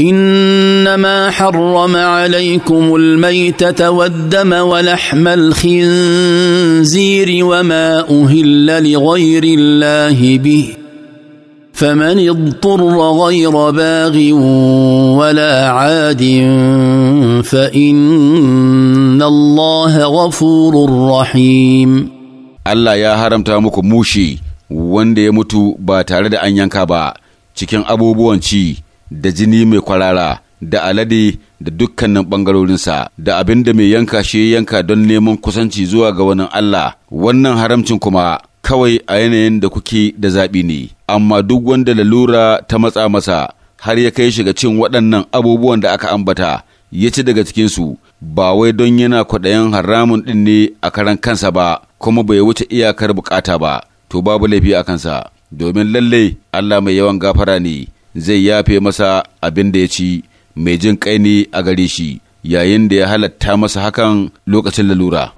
انما حرم عليكم الميته والدم ولحم الخنزير وما اهل لغير الله به فمن اضطر غير باغ ولا عاد فان الله غفور رحيم الله يا هرمت muku mushi wanda ya mutu ba tare da an yanka ba cikin abubuwan ci da jini mai kwarara da alade da dukkanin ɓangarorinsa da abin da mai yanka shi yanka don neman kusanci zuwa ga wani Allah wannan haramcin kuma kawai a yanayin da kuke da zaɓi ne amma duk wanda lalura ta matsa masa har ya kai shiga cin waɗannan abubuwan da aka ambata ya ci daga cikinsu ba wai don yana kwaɗayin haramun ɗin ne a karan kansa ba kuma bai wuce iyakar bukata ba to babu laifi a kansa domin lallai Allah mai yawan gafara ne zai yafe masa abin da ya ci mai jin kai a gare shi yayin da ya halatta masa hakan lokacin lalura